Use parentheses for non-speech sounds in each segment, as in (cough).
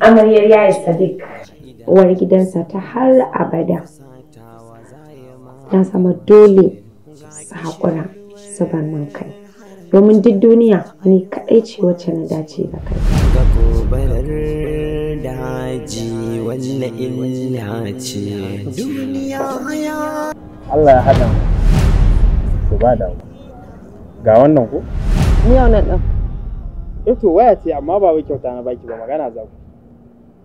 Amaryar ya da sadiq uwar gidansa ta har abada ta sama dole su haƙura su kai domin duk duniya ni kaɗai ce wacce na dace da kai wanne illa ce duniya ya Allah ya hada ku ba da ga wannan ku ni wannan din Ito eh waya ce amma ba wai kyauta na baki ba magana za ku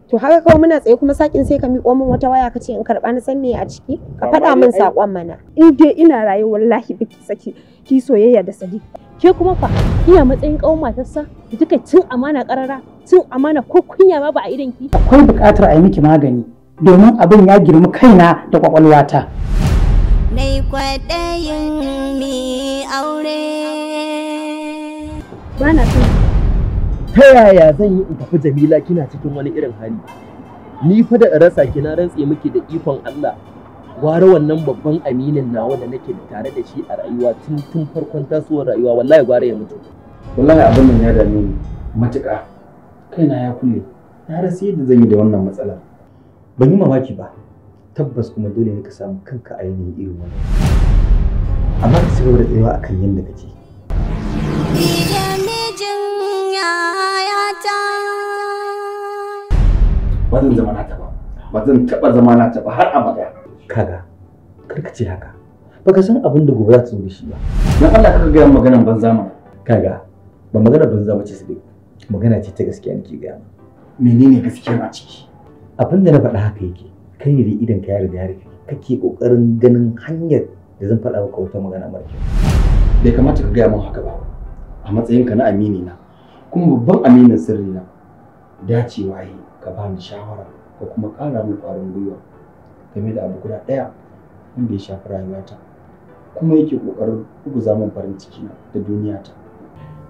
to haka kawai muna tsaye kuma sakin sai ka miƙo min wata waya kace in karɓa na san me a ciki ka faɗa min saƙon mana in dai ina raye wallahi biki saki ki soyayya da sadiq ke kuma fa iya matsayin ƙawon matarsa duka cin amana ƙarara a amana ko kunya ma ba a idan ki akwai buƙatar a yi miki magani domin abin ya girmi kaina da kwakwalwata nai kwaɗayin mi aure Bana ta yaya zan yi in tafi jamila kina cikin wani irin hali ni fa da rasa ki na rantse miki da ikon Allah gwara wannan babban aminin nawa da nake tare da shi a rayuwa tun tun farkon tasowar rayuwa wallahi gwara ya mutu wallahi abin nan ya dame ni matuƙa kaina ya kulle na rasa yadda zan yi da wannan matsalar ban yi mamaki ba tabbas kuma dole ne ka samu kanka a yanayin irin wannan amma ka ci gaba da tsayawa akan yadda kake ba zan zama nata ba ba zan taɓa zama nata ba har abada kaga kar ka ce haka ka san abin da gobe za ta zo da shi ba Na Allah ka ga maganan banza ma kaga ba magana banza ba ce su dai magana ce ta gaskiya nake gaya menene gaskiyar a ciki abin da na faɗa haka yake kai ne da idan ka yarda yarda kake kokarin ganin hanyar da zan faɗa maka wata magana mara kyau bai kamata ka gaya min haka ba a matsayinka na amini na kuma babban aminin sirri na dacewa yi ka ba ni shawara ka kuma ƙara min ƙwarin gwiwa game da abu guda ɗaya wanda ya shafi rayuwata kuma yake ƙoƙarin bugu zaman farin ciki na da duniyata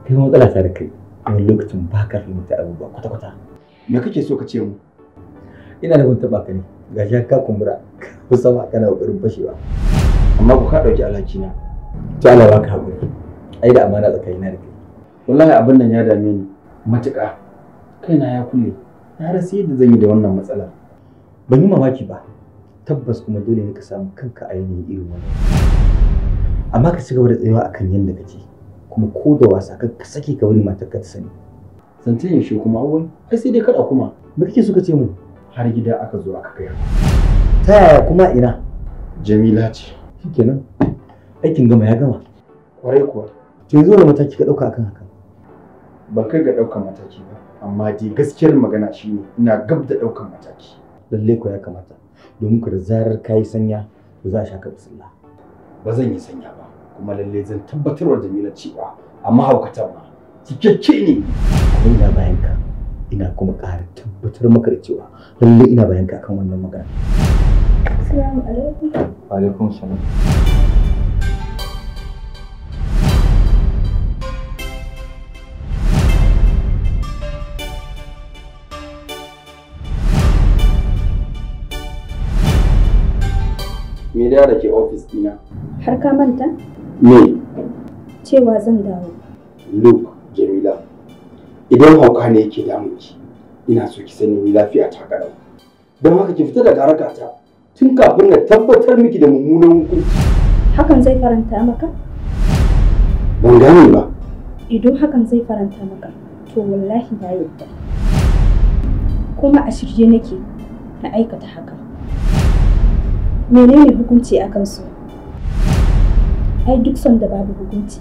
kai matsala ta da kai wani lokacin ba ka fahimta abubuwa kwata-kwata me kake so ka ce mu ina da wata baka ne ga shi ka kumbura ko sama kana kokarin fashewa amma ku ka alhaki na Ta Allah ba ka hakuri ai da amana tsakanina da kai wallahi abin nan ya dame ni matuƙa kaina ya kulle na rasa yadda zan yi da wannan matsalar ban yi mamaki ba tabbas kuma dole ne ka samu kanka ainihin irin wannan amma ka ci gaba da tsayawa akan yadda kake kuma ko da wasa ka sake ka bari matar ka ta sani zancen yaushe kuma awon ai sai dai kada kuma me kake suka ce mu har gida aka zo aka kai ta yaya kuma ina jamila ce shikenan aikin gama ya gama kwarai kuwa to yanzu wani mataki ka ɗauka akan haka ban kai ga ɗaukan mataki ba amma dai gaskiyar magana shi ne, ina gab da ɗaukan mataki lalle ko ya kamata domin ku da zarar kayi sanya to za a sha ka ba zan yi sanya ba kuma lalle zan tabbatarwa Jamila cewa a mahaukatan ma cikakke ne ina bayan ina kuma ƙara tabbatar maka da cewa lalle ina bayan akan wannan magana Assalamu alaikum alaikum salam Me da ke ofis dina? Har ka manta? Me? Cewa zan dawo. Look, Jamila, idan hauka ne yake damunki, ina so ki sani ni lafiya ta garau. Don haka ki fita daga harkata tun kafin na tabbatar miki da mummunan hukunci. Hakan zai faranta maka? Ban gane ba. Idan hakan zai faranta maka, to wallahi na yadda. Kuma a shirye nake na aikata haka. Menene hukunci akan su? ai duk son da babu hukunci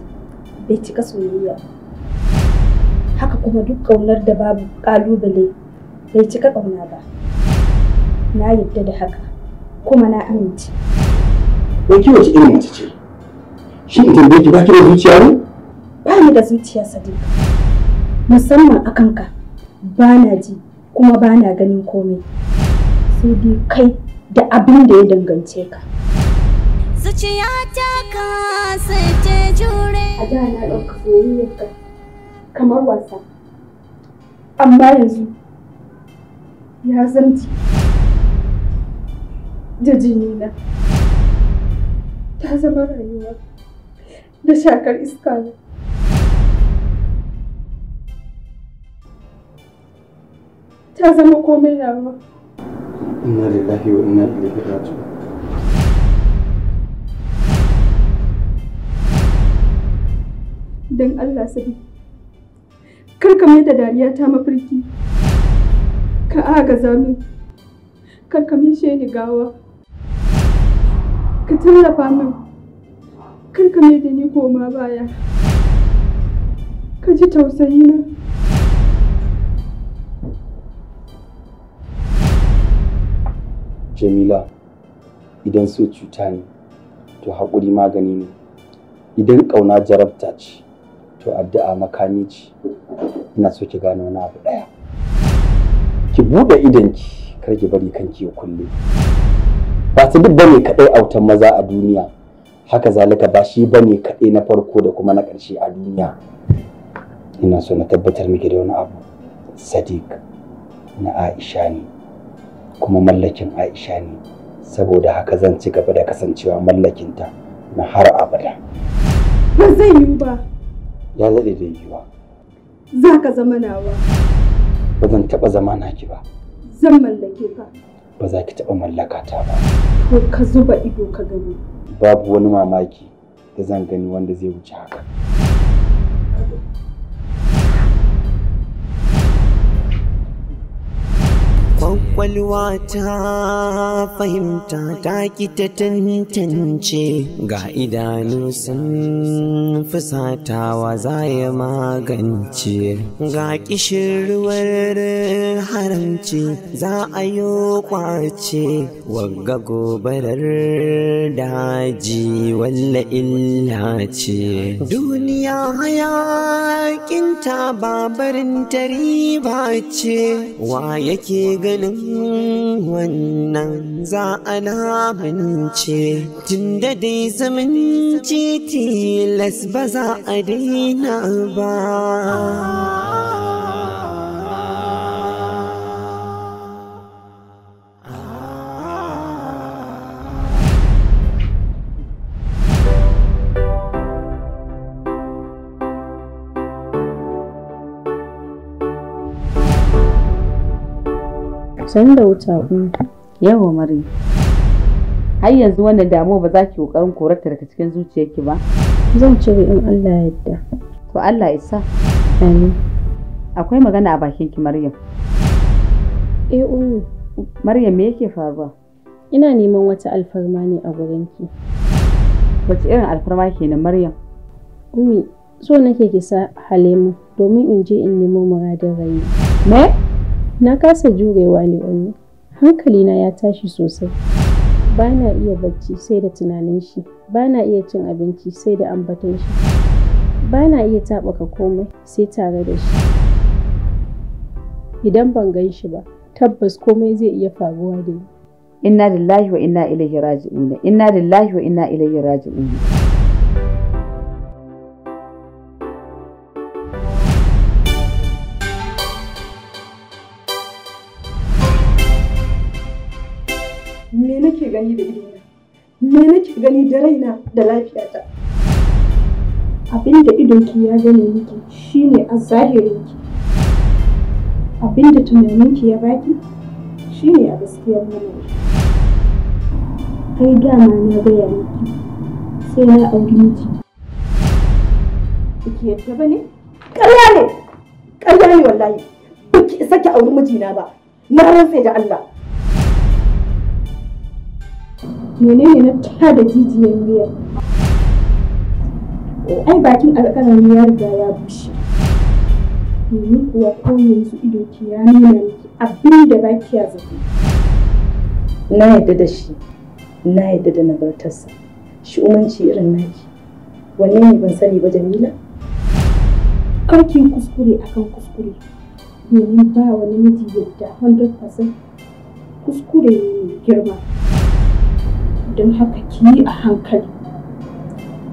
bai cika soyayya haka kuma duk ƙaunar da babu ƙalubale bai cika ƙauna ba na yadda da haka kuma na amince wai ki wace irin mace ce shi idan bai ki baki da zuciya ne ba ni da zuciya sadiq musamman akan ka ba na ji kuma ba na ganin komai sai dai kai da abin da ya dangance ka zuciya ta ta jure a da na ɗauka soyayyarka kamar wasa amma yanzu ya zanti da na. ta zama rayuwa da shakar iska na ta zama komai nawa inna lillahi wa inna ilaihi raji'un don Allah sabi kar ka mai da dariya ta mafarki ka agaza min kar ka mai ni gawa ka tallafa min kar ka mai da ni koma baya ka ji tausayi na Jamila, idan so cuta ne, to haƙuri magani ne, idan ƙauna jarabta ce, wato addu'a makami ce ina so ki gano wani abu ɗaya ki buɗe idonki kar ki bari kanki ya kulle ba su duk bane kaɗai autan maza a duniya haka zalika ba shi bane kaɗai na farko da kuma na ƙarshe a duniya ina so na tabbatar miki da wani abu sadiq na aisha ne kuma mallakin aisha ne saboda haka zan ci gaba da kasancewa mallakinta na har abada. Ba zai yiwu ba. ya daɗe da yiwuwa. Za ka zama nawa. Ba zan taɓa zama naki ba. Zan mallake ka. Ba za ki taɓa mallaka ta ba. Ko ka zuba ido ka gani. Babu wani mamaki da zan gani wanda zai wuce haka. kwakwalwa ta fahimta ta ki ta tantance ga idanu sun fusatawa za ya magance ga kishirwar haramci za a yi kwace wagga gobarar daji walla illa ce duniya hayakinta babarin tari ba ce wa yake ga maganin wannan za a lamince tun da dai zumunci tilas ba za a daina ba da wuta yawa mare har yanzu wannan damuwa ba za ki kokarin korarta daga cikin zuciyarki ba zan cire in Allah ya yarda to Allah ya sa amin akwai magana a bakin ki Maryam eh oh Maryam me yake faruwa ina neman wata alfarma ne a gurin ki wace irin alfarma kenan Maryam ummi so nake ki sa Halemu domin in je in nemo muradin rayu me Na kasa jurewa ne Hankali Hankalina ya tashi sosai. Ba na iya bacci sai da tunanin shi. Ba na iya cin abinci sai da ambaton shi. Ba na iya taɓaka komai sai tare da shi. Idan ban gan shi ba, tabbas komai zai iya faruwa da ni. Inna lillahi wa inna ilaihi raji'un. Inna lillahi wa inna ilaihi raji'un. amfani da ido me nake gani da raina da lafiyata abinda idonki ya gane miki shine a ki abinda tunaninki ya baki shine a gaskiyar lamarin kai dama na gaya miki sai na auri miki ki yadda ba ne ƙarya ne ƙarya ne wallahi ba ki isa ki auri mijina ba na rantsa da Allah menene na da jijiyar wuya eh, ai bakin alƙalam ya riga ya bushe ni kuwa ko yanzu ido ki ya nuna miki abin da ba kiya zato na yadda da shi na yadda da nagartarsa shi umanci irin naki wanne ne ban sani ba jamila kar kuskure akan kuskure domin ba wani miji yadda 100% kuskure ne girma don haka ki yi a hankali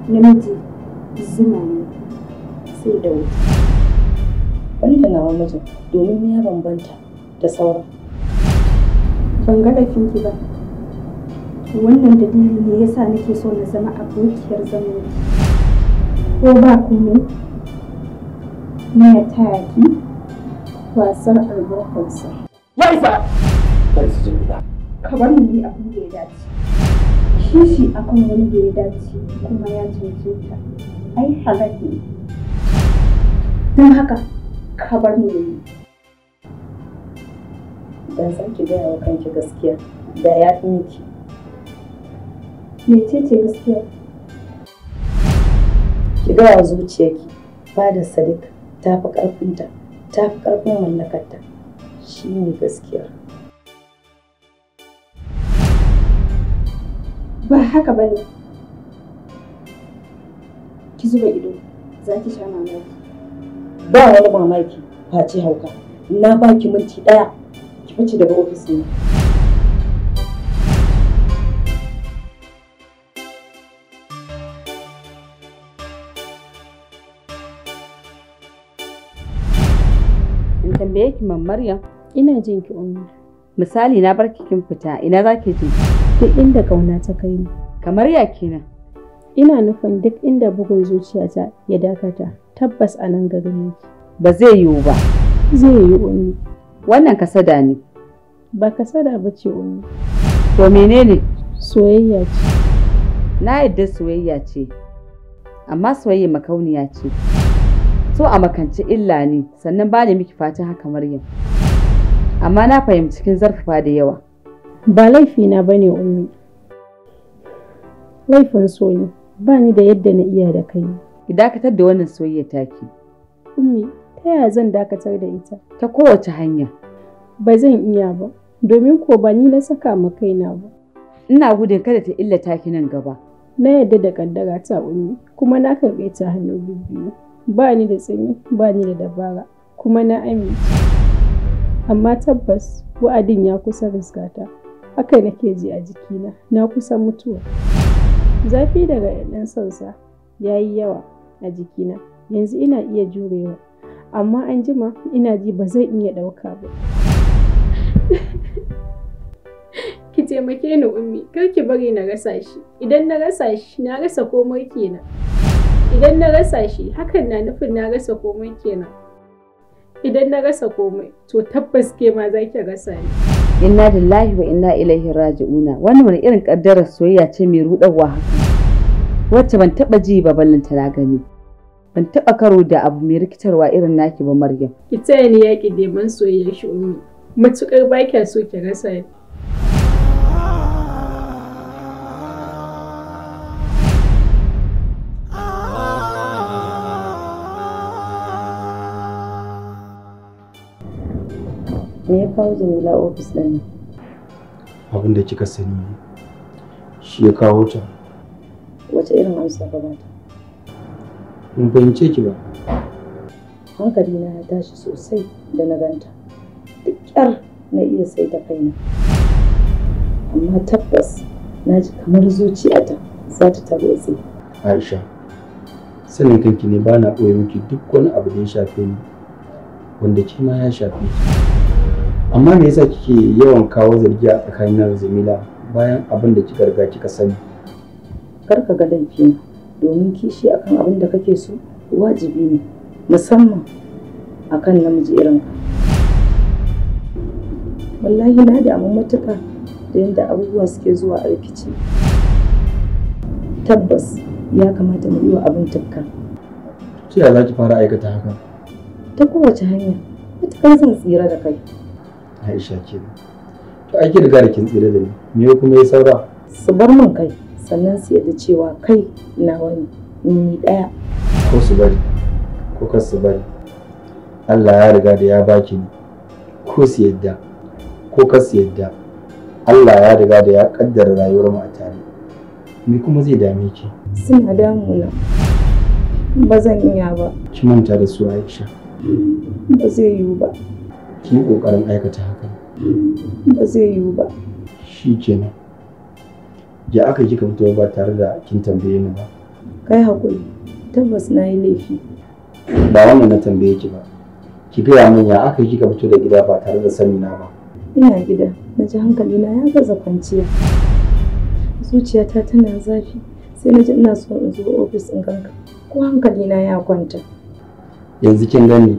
namiji zuma ne sai da wuta wani da nawa mijin domin ya bambanta da sauran ban ga ki ba wannan dalili ne yasa nake so na zama abokiyar zama ko ba ne na ya taya ki wasar albarkarsa ya isa ka bar ni abin da ya dace kishi wani wanda ya dace kuma ya ta ai halak ne don haka ka bar ni ne. da za ki gaya wa kanki gaskiya da ya fi miki ce gaskiya ki gaya wa zuciyarki ba da sadik ta fi ƙarfinta ta fi ƙarfin mallakarta shi ne gaskiya Ba haka ba ne. Ki zuba ido, za ki sha mamaki. Ba wani mamaki, face hauka. Na ba ki minti ɗaya, ki fice daga ofis ne. In tambaye ki Maryam, ina jin ki umma. Misali na barki kin fita, ina za ki je? duk inda ƙauna ta kai ni. Kamar ya kenan? Ina nufin duk inda bugun zuciyata ya dakata tabbas a nan gare ne. Ba zai yiwu ba. Zai yiwu ummi. Wannan kasada ne. Ba kasada ba ce ummi. To menene? Soyayya ce. Na yadda soyayya ce. Amma soyayya makauniya ce. So a makance illa ne sannan ba miki fatan haka Maryam. Amma na fahimci kin zarfafa da yawa. Ba laifina ba ne ummi. Laifin so ba ni da yadda na iya da kai. Ki dakatar da wannan soyayya taki. Ummi, ta yaya zan dakatar da ita? Ta kowace hanya. Ba zan iya ba, domin ko ba ni na saka ma kaina ba. Ina gudun kada ta illata ki nan gaba. Na yadda da kaddara ta ummi, kuma na karɓe ta hannu biyu. Ba ni da tsini, ba ni da dabara, kuma na amince. Amma tabbas wa'adin ya kusa riskata. haka nake ji a jikina na kusa mutuwa zafi daga ɗan sansa ya yi yawa a jikina yanzu ina iya jurewa amma an jima ina ji ba zai iya ɗauka ba (laughs) ki taimake ni ummi kar ki bari na rasa shi idan na rasa shi na rasa komai kenan idan na rasa shi hakan na nufin na rasa komai kenan idan na rasa komai to tabbas ke ma za ki rasa ni inna lillahi wa inna ilaihi raji'una wannan wani irin kaddarar soyayya ce mai rudarwa haka wacce ban taba ji ba ballanta na gani ban taba karo da abu mai rikitarwa irin naki ba maryam ki taya ni yaki deman soyayyar shi ummi matukar ba kya so ki rasa me ya kawo jamila ofis ɗin nan abin da kika sani shi ya kawo ta wace irin amsa ka bata Mun fahimce ki ba Hankali na ya tashi sosai da na ganta duk ƙyar na iya sai ta kaina amma tabbas na ji kamar zuciyata za ta tarwatse aisha sanin kanki ne ba na ɓoye miki duk wani abu da ya shafe ni wanda kima ya shafe ki amma me yasa kike yawan kawo zargi a tsakanin zamila bayan abin da kika riga kika sani kar ka ga laifi domin kishi akan abin da kake so wajibi ne musamman akan namiji irin ka wallahi na amma matuka da yadda abubuwa suke zuwa a rikici tabbas ya kamata mu yi wa abin tafka ta za ki fara aikata haka ta kowace hanya matuƙar zan tsira da kai Aisha ke To ai ki riga da kin tsira da ni. Me kuma ya saura? Su bar min kai sannan su yadda cewa kai na wani ni daya. Ko su bari ko kar su bari. Allah ya riga da ya baki ni. Ko su yadda ko kar su yadda. Allah ya riga da ya kaddara rayuwar mu a tare. Me kuma zai dame ki? Suna damuna. Ba zan iya ba. Ki manta da su Aisha. Ba zai yiwu ba. ki ƙoƙarin aikata haka. Ba zai yiwu ba. Shi kenan. Ya aka kika fito ba tare da kin tambaye ni ba. Kai hakuri, tabbas na yi laifi. Ba wannan na tambaye ki ba. Ki gaya min ya aka kika fito da gida ba tare da sani na ba. Ina gida, na ji na ya gaza kwanciya. Zuciyata tana zafi, sai na ji ina so in zo ofis in ganka. Ko hankali na ya kwanta. Yanzu kin gani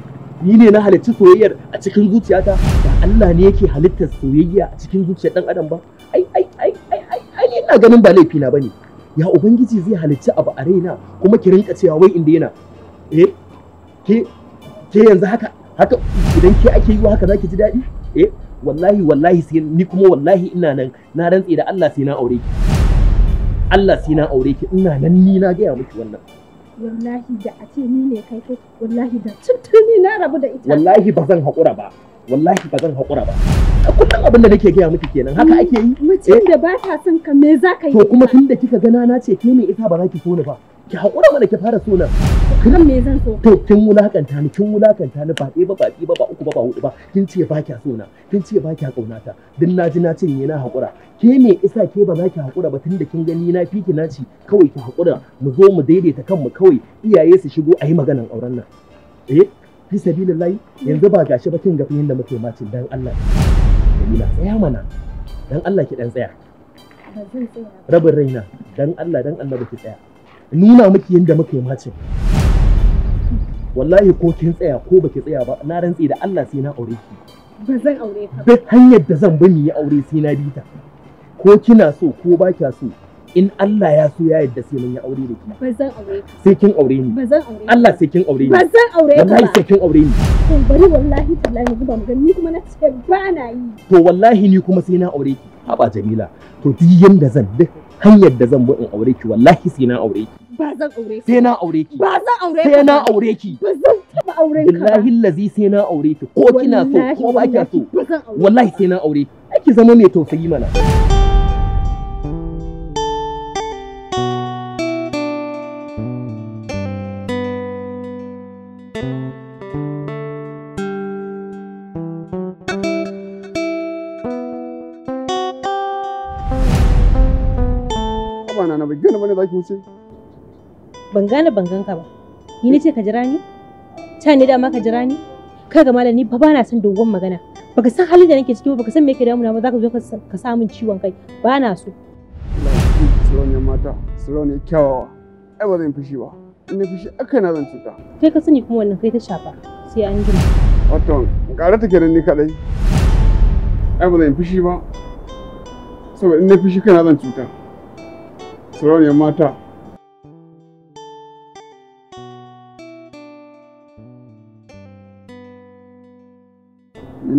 ni ne na halitta soyayyar a cikin zuciyata da Allah ne yake halittar soyayya a cikin zuciyar dan adam ba ai ai ai ai ai ina ganin ba laifi na bane ya ubangiji zai halicci abu a raina kuma ki rinka cewa wai inda yana eh ke ke yanzu haka haka idan ke ake yi haka zaki ji daɗi eh wallahi wallahi sai ni kuma wallahi ina nan na rantse da Allah sai na aure ki Allah sai na aure ki ina nan ni na gaya miki wannan wallahi da a ce ni ne kai kai wallahi da tuntuni na rabu da ita wallahi ba zan haƙura ba wallahi ba zan haƙura ba kullum abin da nake gaya miki kenan haka ake yi mutum da eh? ba ta son ka me za ka yi to kuma tunda kika gana na ce ke mai ita ba za ki so ni ba ki haƙura mana ki fara sunan. Kiran me zan so? To kin wulakanta ni kin wulakanta ni ba ɗaya ba ba biyu ba ba uku ba ba hudu ba kin ce ba kya sona kin ce ba kya ƙaunata din na ji na cinye na haƙura ke me isa ke ba za ki haƙura ba tunda kin gani na fiki na ci kawai ki haƙura mu zo mu daidaita kanmu kawai iyaye su shigo a yi maganan auren nan. Eh fi sabilillahi yanzu ba gashi ba kin gafi yadda muke macin dan Allah. Jamila tsaya mana dan Allah ki dan tsaya. Rabin raina dan Allah dan Allah ba ki tsaya. nuna miki yadda muka yi macin wallahi ko kin tsaya ko baki tsaya ba na rantse da Allah sai na aure ki ba zan aure ka ba hanyar da zan bani ya aure sai na bita. ko kina so ko ba kya so in Allah ya so ya yadda sai mun ya aure da ki ba zan aure ka sai kin aure ni ba zan aure Allah sai kin aure ni ba zan aure ka wallahi sai kin aure ni to bari wallahi tallahi zuba mu ni kuma na ce ba na yi to wallahi ni kuma sai na aure ki haba Jamila to duk yanda zan duk hanyar da zan bi in aure ki wallahi sai na aure ki Ba zan aure Sai na aure ki. Ba zan aure Sai na aure ki. Ba zan taɓa auren ka. Billahi lazi sai na aure ki. Ko kina so ko ba kya so. Wallahi sai na aure ki. Ai ki zama mai tausayi mana. Bana na bai gane mana zaki wuce. ban gane ban ganka ba ni nace ka jira ni ta ne dama ka jira ni kaga malam ni ba na son dogon magana baka san halin da nake ciki ba baka san me yake damuna ba zaka zo ka samun ciwon kai ba na so Salon mata, ne kyawawa, ai ba zan fushi ba. In na fushi aka na zan cuta. Kai ka sani kuma wannan kai ta shafa sai an gina. Wato, ƙara ta kenan ni kaɗai. Ai ba zan fushi ba. Saboda in na fushi kana zan cuta. Salon mata,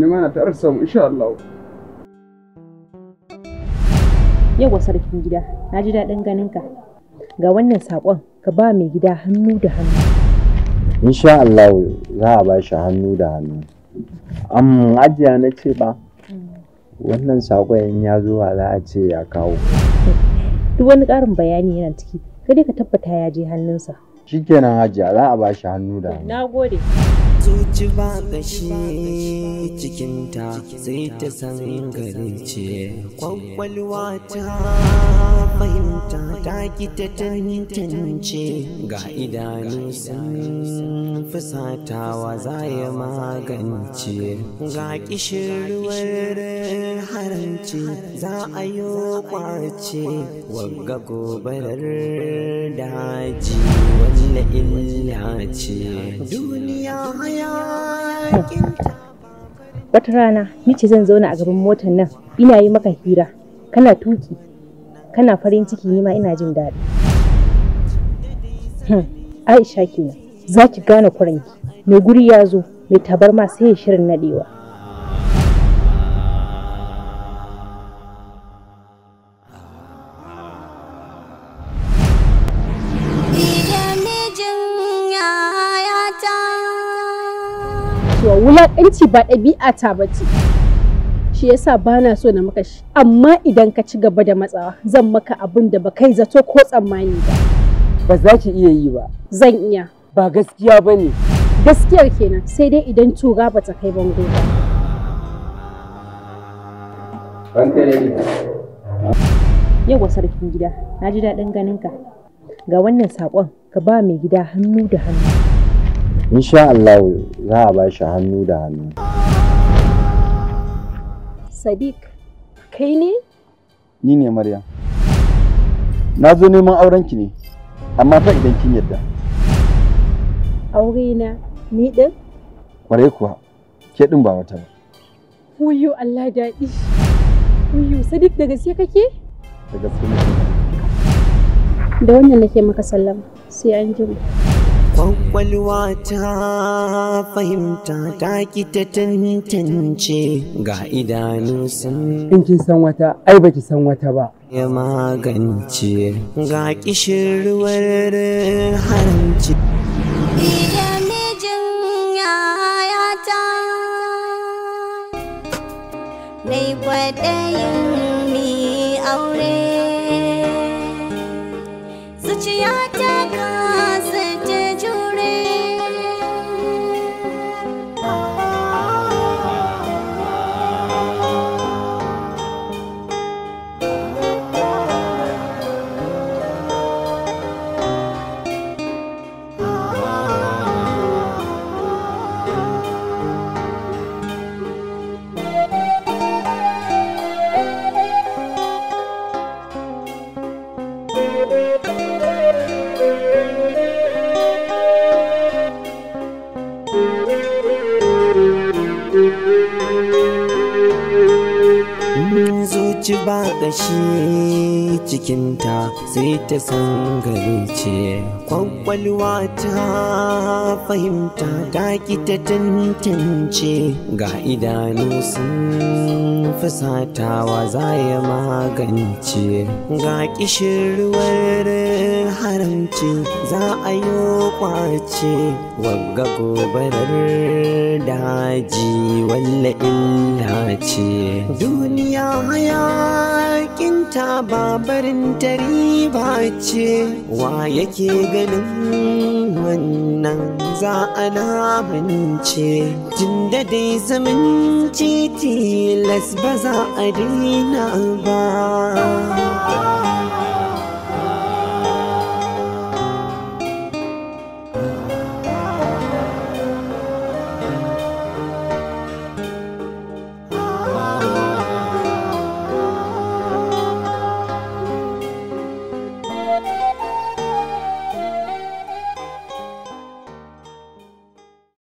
ne mana tare samu insha Allah yawa sarkin gida na ji daɗin ganin ka ga wannan saƙon ka ba mai gida hannu da hannu insha Allah za a ba shi hannu da hannu An ajiya na ce ba wannan saƙon ya zo za a ce ya kawo duk wani ƙarin bayani yana ciki kai dai ka tabbata ya je hannunsa shikenan hajiya za a ba shi hannu da hannu nagode ci ba shi cikinta sai ta san gari ce kwakwalwa ta fahimta ta ki ta tantance ga idanu sun fusatawa za ya magance ga kishirwar haramci za a yi kwace wagga gobarar daji wanda illa ce duniya haya Wata rana ni ce zan zauna a gaban motar nan ina yi maka hira kana tuki kana farin ciki nima ina jin daɗi. Hmm, Aisha kenan za ki gane kuranki mai guri ya zo mai tabarma sai ya shirin nadewa. wulakanci ba ɗabi'a ta ce, shi yasa ba na so na maka shi amma idan ka ci gaba da matsawa zan maka abin da ba kai zato ko tsammani ba ba za ki iya yi ba zan iya ba gaskiya ba ne gaskiyar kenan sai dai idan tura ba ta kai bango ba yawa sarkin gida na ji daɗin ganinka ga wannan saƙon ka ba mai gida hannu da hannu insha Allah za a ba shi hannu da hannu sadiq kai ne ni ne maryam na zo neman aurenki ne amma ta idan kin yadda aure na ni din Kware kuwa ke din ba wata ba Huyu Allah daɗi Huyu sadiq daga sai kake Daga sai da wannan nake maka sallama sai an jima kwakwalwa ta fahimta ta ki ta tantance ga idanu sun in kin san wata ai baki san wata ba ya magance ga kishirwar haramci mai kwaɗayin mi aure zuciya ta numfashi cikinta sai ta sangare ce kwakwalwa ta fahimta ta ki ta tantance ga idanu sun fasatawa za ya magance ga ƙishirwar haramci za a yi kwace wagga gobarar daji walla illa ce duniya hayakinta babarin tariba ce wa yake ganin wannan za a namince jin da dai titi las ba za a dina ba